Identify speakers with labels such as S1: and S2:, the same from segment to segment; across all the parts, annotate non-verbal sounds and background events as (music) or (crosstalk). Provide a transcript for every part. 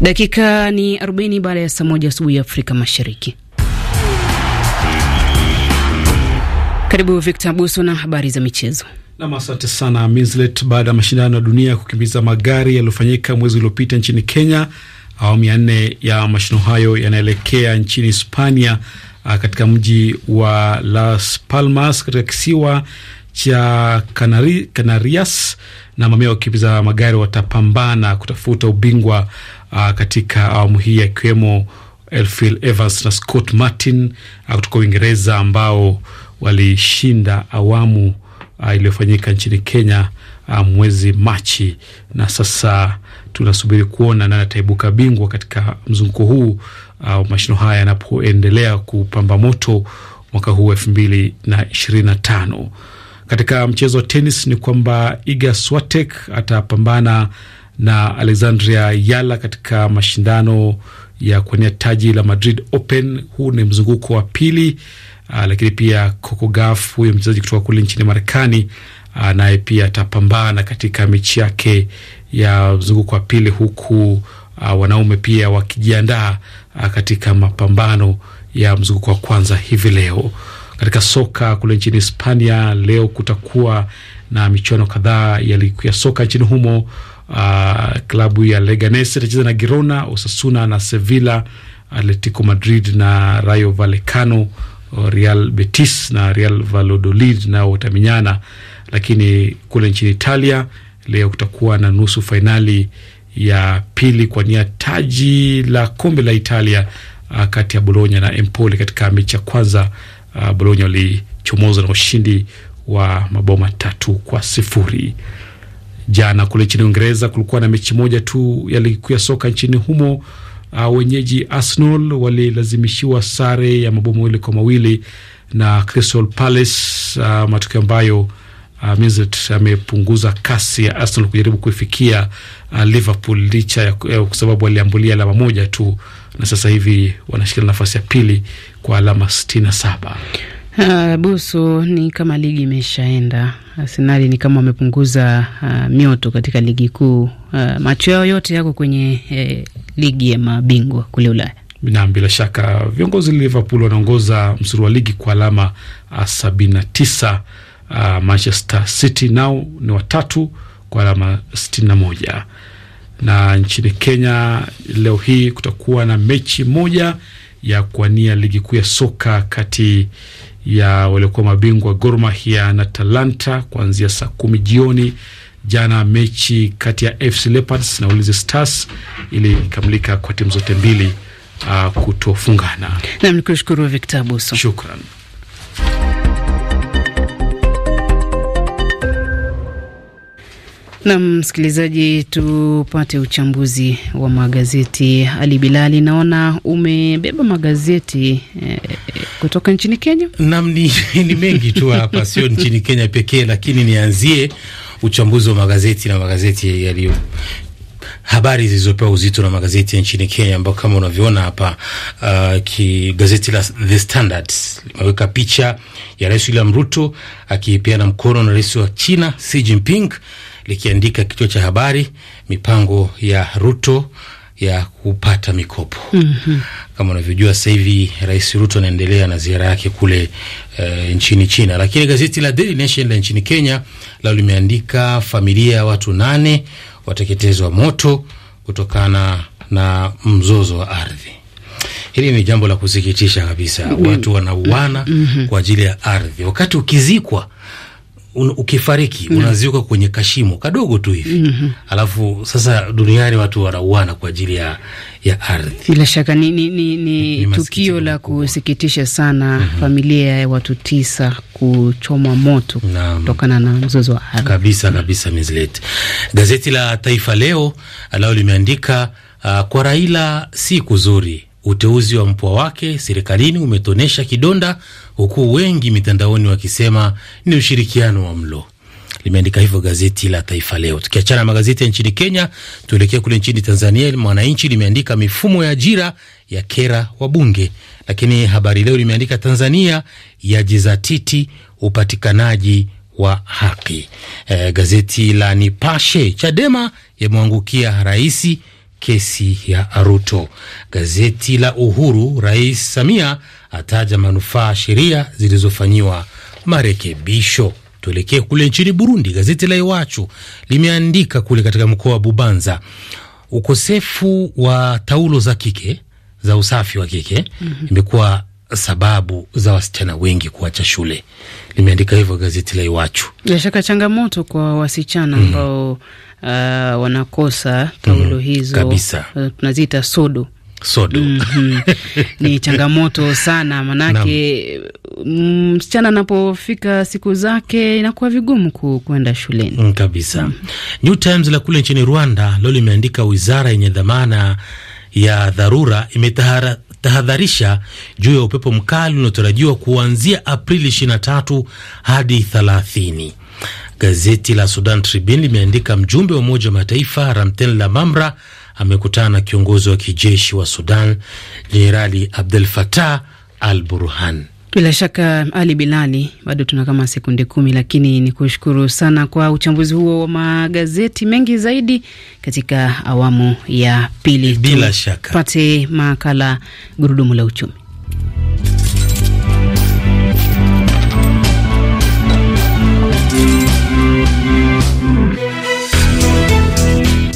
S1: Dakika ni 40 baada ya saa moja asubuhi ya Afrika Mashariki. Karibu Victor Buso na habari za michezo.
S2: Nam, asante sana Mislet. Baada ya mashindano ya dunia ya kukimbiza magari yaliyofanyika mwezi uliopita nchini Kenya, awamu ya nne ya mashindano hayo yanaelekea nchini Hispania, ah, katika mji wa Las Palmas katika kisiwa cha Canarias na mamia wakukimbiza magari watapambana kutafuta ubingwa uh, katika awamu hii akiwemo Elfil Evans na Scott Martin uh, kutoka Uingereza ambao walishinda awamu uh, iliyofanyika nchini Kenya uh, mwezi Machi, na sasa tunasubiri kuona nani ataibuka bingwa katika mzunguko huu uh, mashino haya yanapoendelea kupamba moto mwaka huu elfu mbili na ishirini na tano. Katika mchezo wa tenis ni kwamba Iga Swiatek atapambana na Alexandria Yala katika mashindano ya kuwania taji la Madrid Open. Huu ni mzunguko wa pili. Uh, lakini pia Coco Gauff huyo mchezaji kutoka kule nchini Marekani uh, naye pia atapambana katika mechi yake ya mzunguko wa pili, huku uh, wanaume pia wakijiandaa uh, katika mapambano ya mzunguko wa kwanza hivi leo. Katika soka kule nchini Hispania leo kutakuwa na michuano kadhaa ya ligi ya soka nchini humo Uh, klabu ya Leganes itacheza na Girona, Osasuna na Sevilla, Atletico Madrid na Rayo Vallecano, Real Betis na Real Valladolid nao watamenyana. Lakini kule nchini Italia leo kutakuwa na nusu fainali ya pili kwa nia taji la kombe la Italia uh, kati ya Bologna na Empoli. Katika mechi ya kwanza uh, Bologna walichomoza na ushindi wa mabao matatu kwa sifuri. Jana kule nchini Uingereza kulikuwa na mechi moja tu ya ligi kuu ya soka nchini humo. Uh, wenyeji Arsenal walilazimishiwa sare ya mabao mawili kwa mawili na Crystal Palace, uh, matokeo ambayo Uh, amepunguza kasi ya Arsenal kujaribu kuifikia uh, Liverpool licha ya eh, kwa sababu waliambulia alama moja tu, na sasa hivi wanashikilia nafasi ya pili kwa alama sitini na saba.
S1: Uh, eh, busu ni kama ligi imeshaenda. Arsenali ni kama wamepunguza uh, mioto katika ligi kuu. Uh, macho yao yote yako kwenye eh, ligi ya mabingwa kule Ulaya.
S2: Naam, bila shaka viongozi Liverpool wanaongoza msuru wa ligi kwa alama uh, sabini na tisa. Uh, Manchester City nao ni watatu kwa alama sitini na moja na nchini Kenya leo hii kutakuwa na mechi moja ya kuwania ligi kuu ya soka kati ya waliokuwa mabingwa Gor Mahia na Talanta kuanzia saa kumi jioni. Jana mechi kati ya FC Leopards na Ulinzi Stars ilikamilika kwa timu zote mbili uh, kutofungana.
S1: Nam ni kushukuru Victor Buso, shukran. Nam msikilizaji, tupate uchambuzi wa magazeti. Ali Bilali, naona umebeba magazeti eh, kutoka nchini Kenya. Nam ni, (laughs) ni mengi tu hapa, sio nchini
S3: Kenya pekee, lakini nianzie uchambuzi wa magazeti na magazeti yaliyo habari zilizopewa uzito na magazeti ya nchini Kenya ambao kama unavyoona hapa uh, ki gazeti la The Standard limeweka picha ya Rais William Ruto akipeana mkono na rais wa China Xi Jinping, likiandika kichwa cha habari mipango ya Ruto ya kupata mikopo. mm -hmm. Kama unavyojua sasa hivi Rais Ruto anaendelea na ziara yake kule e, nchini China, lakini gazeti la Daily Nation la nchini Kenya lao limeandika familia ya watu nane wateketezwa moto kutokana na mzozo wa ardhi. Hili ni jambo la kusikitisha kabisa. Mm-hmm. Watu wanauana mm-hmm. kwa ajili ya ardhi, wakati ukizikwa un, ukifariki mm. unaziuka kwenye kashimo kadogo tu hivi mm -hmm. Alafu sasa duniani watu wanauana kwa ajili ya,
S1: ya ardhi. Bila shaka ni, ni, ni, ni, tukio la kusikitisha sana mm -hmm. Familia ya watu tisa kuchomwa moto kutokana na mzozo wa ardhi
S3: kabisa kabisa. Mizlet, gazeti la Taifa Leo lao limeandika uh, kwa Raila si kuzuri Uteuzi wa mpwa wake serikalini umetonesha kidonda, huku wengi mitandaoni wakisema ni ushirikiano wa mlo. Limeandika hivyo gazeti la Taifa Leo. Tukiachana na magazeti ya nchini Kenya, tuelekee kule nchini Tanzania. Mwananchi limeandika mifumo ya ajira ya kera wa bunge, lakini Habari Leo limeandika Tanzania yajizatiti upatikanaji wa haki. E, gazeti la Nipashe, Chadema yamwangukia raisi kesi ya Aruto. Gazeti la Uhuru, Rais Samia ataja manufaa sheria zilizofanyiwa marekebisho. Tuelekee kule nchini Burundi. Gazeti la Iwachu limeandika kule katika mkoa wa Bubanza, ukosefu wa taulo za kike za usafi wa kike mm -hmm. imekuwa sababu za wasichana wengi kuacha shule. Limeandika hivyo gazeti la Iwachu.
S1: Bila shaka changamoto kwa wasichana mhm. ambao mm -hmm uh, wanakosa taulo mm-hmm. hizo mm, Uh, tunaziita sodo sodo mm -hmm. (laughs) Ni changamoto sana manake msichana anapofika siku zake inakuwa vigumu kuenda shuleni
S3: mm, kabisa mm -hmm. New Times la kule nchini Rwanda leo limeandika wizara yenye dhamana ya dharura imetahadharisha juu ya upepo mkali unaotarajiwa kuanzia Aprili 23 hadi 30. Gazeti la Sudan Tribune limeandika mjumbe wa Umoja wa Mataifa Ramten Lamamra amekutana na kiongozi wa kijeshi wa Sudan Jenerali Abdel Fattah al Burhan.
S1: Bila shaka Ali Bilali, bado tuna kama sekunde kumi, lakini ni kushukuru sana kwa uchambuzi huo wa magazeti mengi zaidi katika awamu ya pili.
S3: Bila shaka
S1: pate makala gurudumu la uchumi.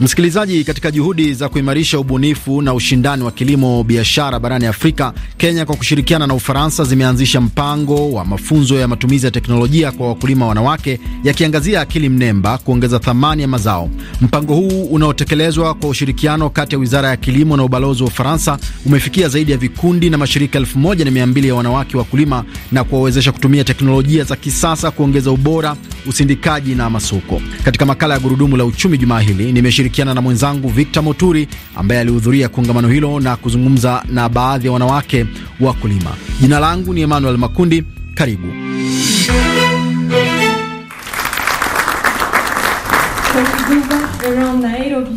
S4: Msikilizaji, katika juhudi za kuimarisha ubunifu na ushindani wa kilimo biashara barani Afrika, Kenya kwa kushirikiana na Ufaransa zimeanzisha mpango wa mafunzo ya matumizi ya teknolojia kwa wakulima wanawake, yakiangazia akili mnemba kuongeza thamani ya mazao. Mpango huu unaotekelezwa kwa ushirikiano kati ya wizara ya kilimo na ubalozi wa Ufaransa umefikia zaidi ya vikundi na mashirika elfu moja na mia mbili ya wanawake wakulima na kuwawezesha kutumia teknolojia za kisasa kuongeza ubora, usindikaji na masoko. Katika makala ya gurudumu la uchumi jumaa hili nimeshiriki kushirikiana na mwenzangu Victor Moturi ambaye alihudhuria kongamano hilo na kuzungumza na baadhi ya wanawake wakulima. Jina langu ni Emmanuel Makundi, karibu.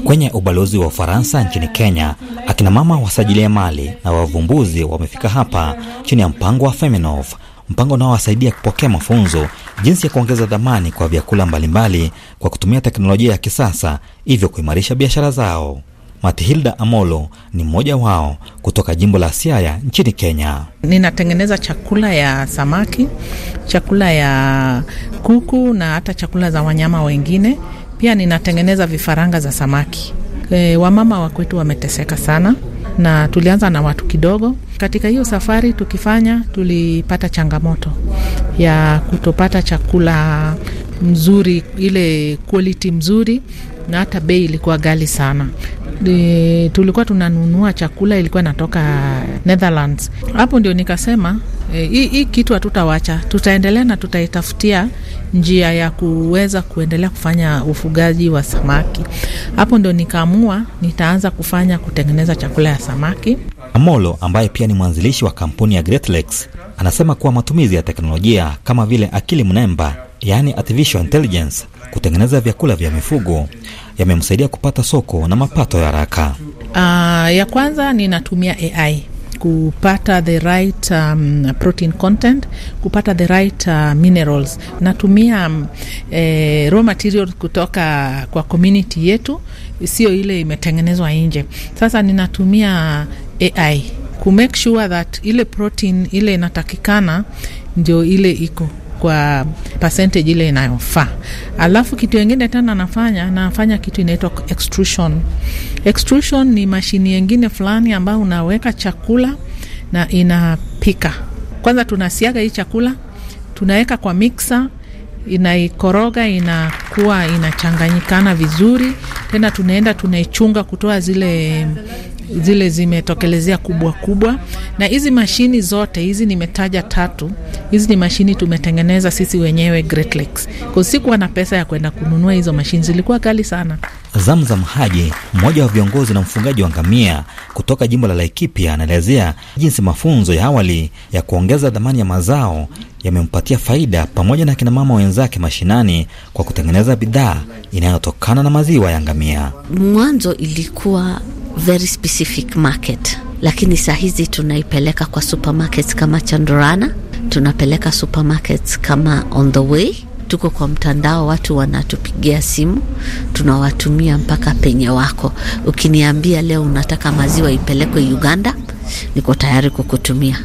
S5: Kwenye ubalozi wa Ufaransa nchini Kenya, akinamama wasajilia mali na wavumbuzi wamefika hapa chini ya mpango wa Feminov mpango unaowasaidia kupokea mafunzo jinsi ya kuongeza dhamani kwa vyakula mbalimbali kwa kutumia teknolojia ya kisasa, hivyo kuimarisha biashara zao. matihilda Amolo ni mmoja wao kutoka jimbo la Siaya nchini Kenya.
S6: Ninatengeneza chakula ya samaki, chakula ya kuku na hata chakula za wanyama wengine. Pia ninatengeneza vifaranga za samaki. E, wamama wa kwetu wameteseka sana na tulianza na watu kidogo. Katika hiyo safari tukifanya, tulipata changamoto ya kutopata chakula mzuri, ile quality mzuri, na hata bei ilikuwa ghali sana. E, tulikuwa tunanunua chakula ilikuwa inatoka Netherlands. Hapo ndio nikasema E, hii e, kitu hatutawacha, tutaendelea na tutaitafutia njia ya kuweza kuendelea kufanya ufugaji wa samaki. Hapo ndo nikaamua nitaanza kufanya kutengeneza chakula ya samaki.
S5: Amolo ambaye pia ni mwanzilishi wa kampuni ya Great Lakes anasema kuwa matumizi ya teknolojia kama vile akili mnemba, yaani artificial intelligence, kutengeneza vyakula vya mifugo yamemsaidia kupata soko na mapato ya haraka.
S6: Uh, ya kwanza ninatumia AI kupata the right um, protein content, kupata the right uh, minerals. Natumia um, eh, raw material kutoka kwa community yetu, sio ile imetengenezwa nje. Sasa ninatumia AI kumake sure that ile protein ile inatakikana ndio ile iko kwa percentage ile inayofaa. Alafu kitu yengine tena nafanya nafanya kitu inaitwa extrusion. Extrusion ni mashini yengine fulani ambayo unaweka chakula na inapika. Kwanza tunasiaga hii chakula, tunaweka kwa mixer inaikoroga inakuwa inachanganyikana vizuri, tena tunaenda tunaichunga kutoa zile zile zimetokelezea kubwa kubwa, na hizi mashini zote hizi nimetaja tatu, hizi ni mashini tumetengeneza sisi wenyewe Great Lakes, kwa sikuwa na pesa ya kwenda kununua hizo mashini, zilikuwa kali sana.
S5: Zamzam Haji, mmoja wa viongozi na mfungaji wa ngamia kutoka jimbo la Laikipia, anaelezea jinsi mafunzo ya awali ya kuongeza dhamani ya mazao yamempatia faida pamoja na mama wenzake mashinani kwa kutengeneza bidhaa inayotokana na maziwa ya ngamia.
S7: Mwanzo ilikuwa very specific market, lakini saa hizi tunaipeleka kwa supermarkets kama Chandorana, tunapeleka supermarkets kama On the Way tuko kwa mtandao, watu wanatupigia simu, tunawatumia mpaka penye wako. Ukiniambia leo unataka maziwa ipelekwe Uganda, niko tayari kukutumia.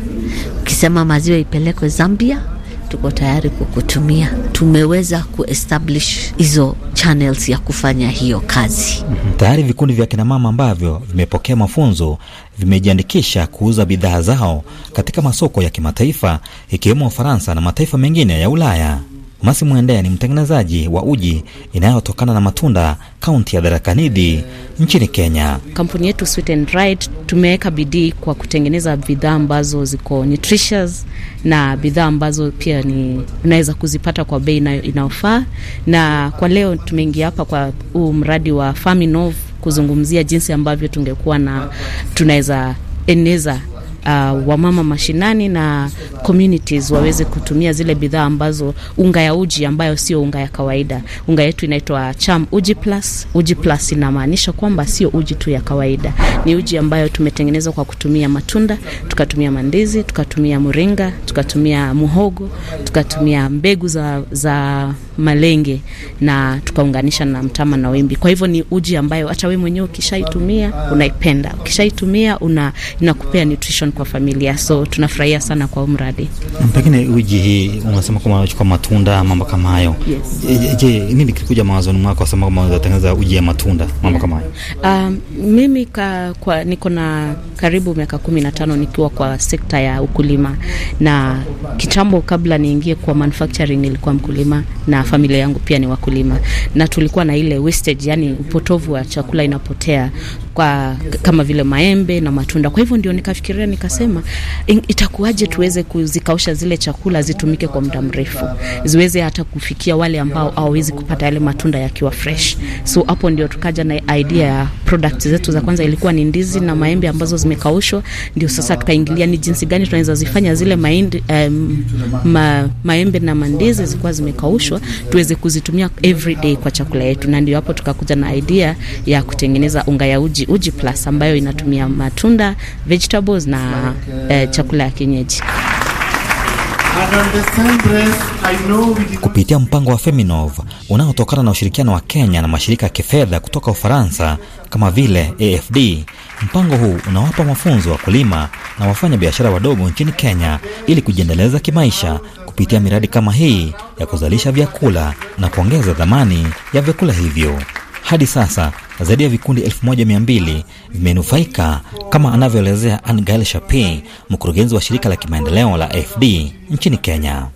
S7: Ukisema maziwa ipelekwe Zambia, tuko tayari kukutumia. Tumeweza kuestablish hizo channels ya kufanya hiyo kazi.
S5: Mm -hmm. Tayari vikundi vya kinamama
S7: ambavyo vimepokea mafunzo
S5: vimejiandikisha kuuza bidhaa zao katika masoko ya kimataifa ikiwemo Ufaransa na mataifa mengine ya Ulaya. Masi Mwende ni mtengenezaji wa uji inayotokana na matunda kaunti ya Tharaka Nithi nchini Kenya.
S8: Kampuni yetu Sweet and Right tumeweka bidii kwa kutengeneza bidhaa ambazo ziko nutritious na bidhaa ambazo pia ni unaweza kuzipata kwa bei inayofaa, na kwa leo tumeingia hapa kwa huu mradi wa Faminov kuzungumzia jinsi ambavyo tungekuwa na tunaweza eneza uh, wamama mashinani na communities waweze kutumia zile bidhaa ambazo unga ya uji ambayo sio unga ya kawaida. Unga yetu inaitwa Cham Uji Plus. Uji Plus inamaanisha kwamba sio uji tu ya kawaida, ni uji ambayo tumetengenezwa kwa kutumia matunda, tukatumia mandizi, tukatumia muringa, tukatumia muhogo, tukatumia mbegu za, za malenge na tukaunganisha na mtama na wimbi. Kwa hivyo ni uji ambayo hata wewe mwenyewe ukishaitumia unaipenda, ukishaitumia una inakupea nutrition kwa familia, so tunafurahia sana kwa mradi.
S5: Pengine wiji hii unasema kwamba unachukua matunda mambo kama hayo. Yes. Je, nini kilikuja mawazoni mwako kusema kwamba unatengeneza uji ya matunda mambo kama hayo?
S8: Yeah. Um, mimi ka, kwa niko na karibu miaka kumi na tano nikiwa kwa sekta ya ukulima, na kitambo kabla niingie kwa manufacturing nilikuwa mkulima na familia yangu pia ni wakulima, na tulikuwa na ile wastage, yani upotovu wa chakula inapotea kwa kama vile maembe na matunda. Kwa hivyo ndio nikafikiria nikasema, itakuwaje tuweze kuzikausha zile chakula zitumike kwa muda mrefu, ziweze hata kufikia wale ambao hawawezi kupata yale matunda yakiwa fresh. So hapo ndio tukaja na idea ya product zetu. Za kwanza ilikuwa ni ndizi na maembe ambazo zimekaushwa, ndio sasa tukaingilia ni jinsi gani tunaweza zifanya zile maindi, um, ma, maembe na mandizi zikuwa zimekaushwa tuweze kuzitumia everyday kwa chakula yetu, na ndio hapo tukakuja na idea ya kutengeneza unga ya uji uji, plus ambayo inatumia matunda, vegetables na eh, chakula ya kienyeji.
S5: Kupitia mpango wa Feminov unaotokana na ushirikiano wa Kenya na mashirika ya kifedha kutoka Ufaransa kama vile AFD, mpango huu unawapa mafunzo wakulima na wafanya biashara wadogo nchini Kenya ili kujiendeleza kimaisha kupitia miradi kama hii ya kuzalisha vyakula na kuongeza dhamani ya vyakula hivyo. Hadi sasa zaidi ya vikundi 1200 vimenufaika kama anavyoelezea Angel Shapi, mkurugenzi wa shirika la kimaendeleo la AFD nchini Kenya.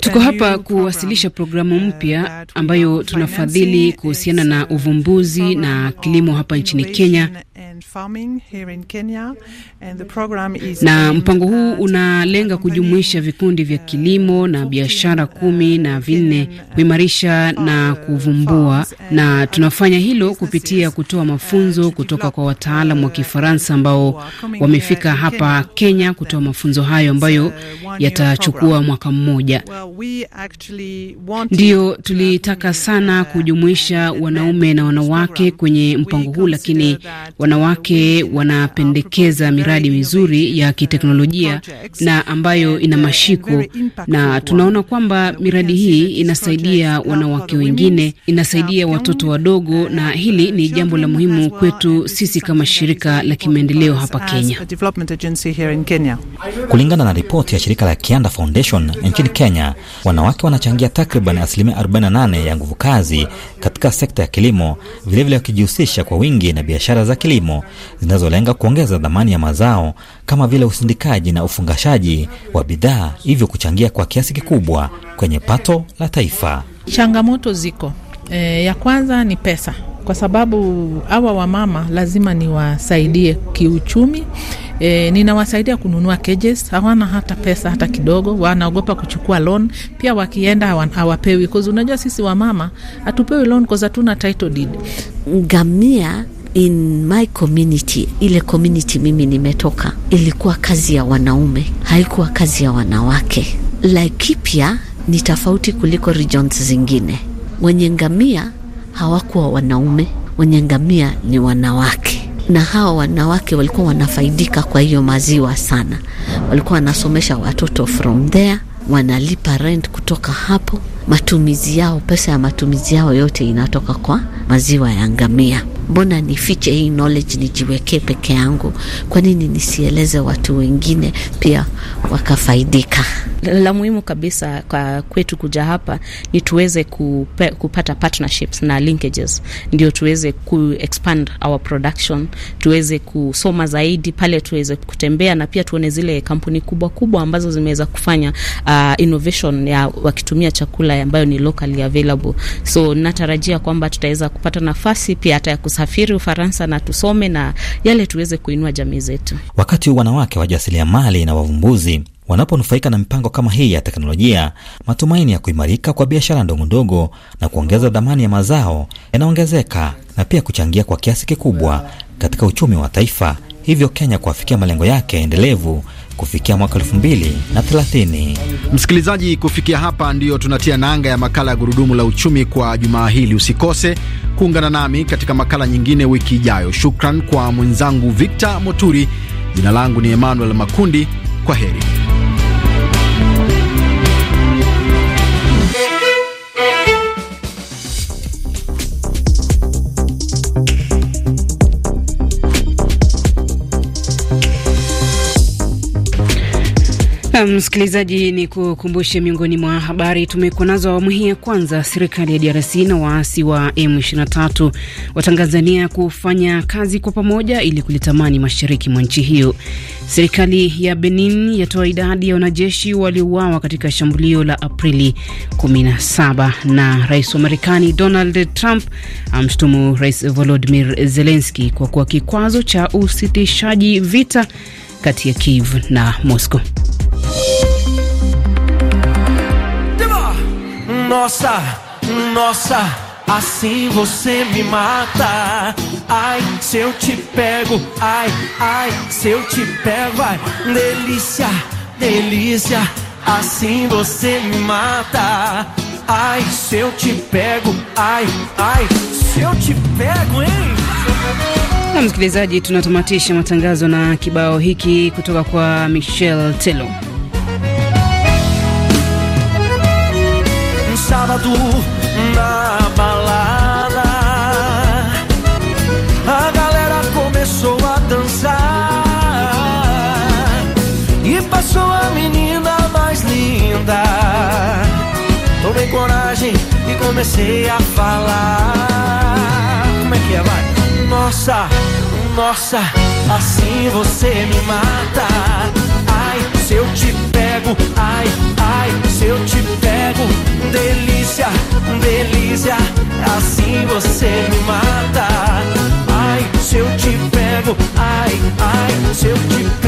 S1: Tuko hapa kuwasilisha programu mpya ambayo tunafadhili kuhusiana na uvumbuzi na kilimo hapa nchini Kenya na mpango huu unalenga kujumuisha vikundi vya kilimo na biashara kumi na vinne kuimarisha na kuvumbua, na tunafanya hilo kupitia kutoa mafunzo kutoka kwa wataalam wa Kifaransa ambao wamefika hapa Kenya kutoa mafunzo hayo ambayo yatachukua mwaka mmoja. Ndiyo, tulitaka sana kujumuisha wanaume na wanawake kwenye mpango huu, lakini wanawake wanawake wanapendekeza miradi mizuri ya kiteknolojia na ambayo ina mashiko, na tunaona kwamba miradi hii inasaidia wanawake wengine, inasaidia watoto wadogo, na hili ni jambo la muhimu kwetu sisi kama shirika la kimaendeleo hapa Kenya.
S5: Kulingana na ripoti ya shirika la Kianda Foundation nchini Kenya, wanawake wanachangia takriban asilimia 48 ya nguvu kazi katika sekta ya kilimo, vilevile wakijihusisha kwa wingi na biashara za kilimo kilimo zinazolenga kuongeza dhamani ya mazao kama vile usindikaji na ufungashaji wa bidhaa, hivyo kuchangia kwa kiasi kikubwa kwenye pato la taifa.
S6: Changamoto ziko e, ya kwanza ni pesa, kwa sababu hawa wamama lazima niwasaidie kiuchumi. E, ninawasaidia kununua kejes hawana hata pesa hata kidogo, wanaogopa kuchukua loan. Pia wakienda hawapewi, cause unajua sisi wamama hatupewi loan cause hatuna title deed.
S7: Ngamia in my community, ile community mimi nimetoka, ilikuwa kazi ya wanaume, haikuwa kazi ya wanawake. Laikipia ni tofauti kuliko regions zingine. Wenye ngamia hawakuwa wanaume, wenye ngamia ni wanawake, na hawa wanawake walikuwa wanafaidika kwa hiyo maziwa sana. Walikuwa wanasomesha watoto from there, wanalipa rent kutoka hapo. Matumizi yao, pesa ya matumizi yao yote inatoka kwa maziwa ya ngamia mbona nifiche hii knowledge nijiwekee peke yangu? Kwa nini nisieleze watu wengine pia wakafaidika? la
S8: muhimu kabisa kwa kwetu kuja hapa ni tuweze kupe, kupata partnerships na linkages, ndio tuweze ku expand our production, tuweze kusoma zaidi pale, tuweze kutembea na pia tuone zile kampuni kubwa kubwa ambazo zimeweza kufanya uh, innovation ya wakitumia chakula ambayo ni locally available. So natarajia kwamba tutaweza kupata nafasi pia hata ya kusafiri Ufaransa na tusome na yale tuweze kuinua jamii zetu.
S5: Wakati wanawake wajasiriamali na wavumbuzi Wanaponufaika na mipango kama hii ya teknolojia, matumaini ya kuimarika kwa biashara ndogondogo na kuongeza dhamani ya mazao yanaongezeka na pia kuchangia kwa kiasi kikubwa katika uchumi wa taifa, hivyo Kenya kuafikia malengo yake endelevu kufikia mwaka elfu mbili na thelathini.
S4: Msikilizaji, kufikia hapa ndiyo tunatia nanga ya makala ya gurudumu la uchumi kwa jumaa hili. Usikose kuungana nami katika makala nyingine wiki ijayo. Shukran kwa mwenzangu Victor Moturi. Jina langu ni Emmanuel Makundi. com
S1: Nam msikilizaji, ni kukumbushe miongoni mwa habari tumekuwa nazo awamu hii ya kwanza. Serikali ya DRC na waasi wa M23 watangazania kufanya kazi kwa pamoja ili kulitamani mashariki mwa nchi hiyo. Serikali ya Benin yatoa idadi ya wanajeshi waliouawa katika shambulio la Aprili 17, na rais wa Marekani Donald Trump amshutumu Rais Volodimir Zelenski kwa kuwa kikwazo cha usitishaji vita kati ya Kiev na Moscow.
S9: Nossa, nossa, assim você me mata. Ai, se eu te pego, ai, ai, se eu te pego, ai, delícia, delícia, assim você me mata. Ai, se eu te pego, ai, ai, se eu te pego, hein?
S1: Na msikilizaji, tunatamatisha matangazo na kibao hiki kutoka kwa Michelle Telo.
S9: comecei a falar. Como é que é? Vai. Nossa, nossa, assim você me mata. Ai, se eu te pego, ai, ai, se eu te pego. Delícia, delícia, assim você me mata. Ai, se eu te pego, ai, ai, se eu te pego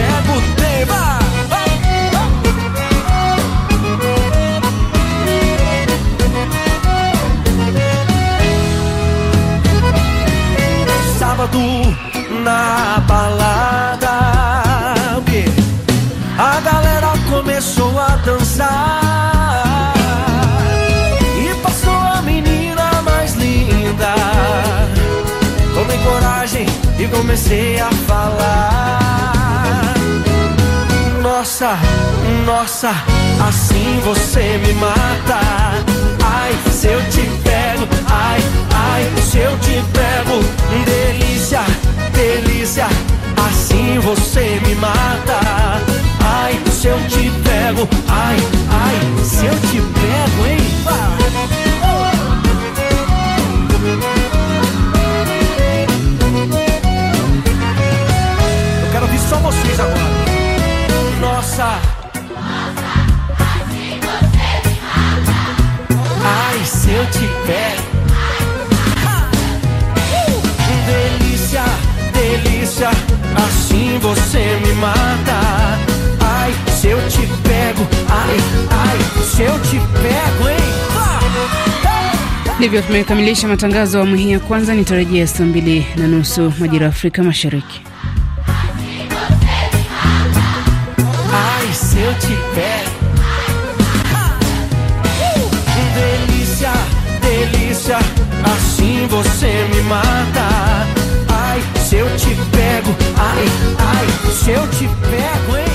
S9: e comecei a falar. Nossa, nossa, assim você me mata. Ai, se eu te pego, ai, ai, se eu te pego. Delícia, delícia, assim você me mata. Ai, se eu te pego, ai, ai, se eu te pego. vocês agora. Nossa. Nossa, assim você me mata. Ai, se eu te pego. Uh! Delícia, delícia, assim você me mata. Ai, se eu te pego, ai, ai, se eu te pego, hein?
S1: Ndivyo tumekamilisha matangazo awamu hii ya kwanza. Nitarajia saa mbili na nusu majira ya Afrika Mashariki.
S9: você me mata. Ai, se eu te pego, ai, ai, se eu te pego, hein?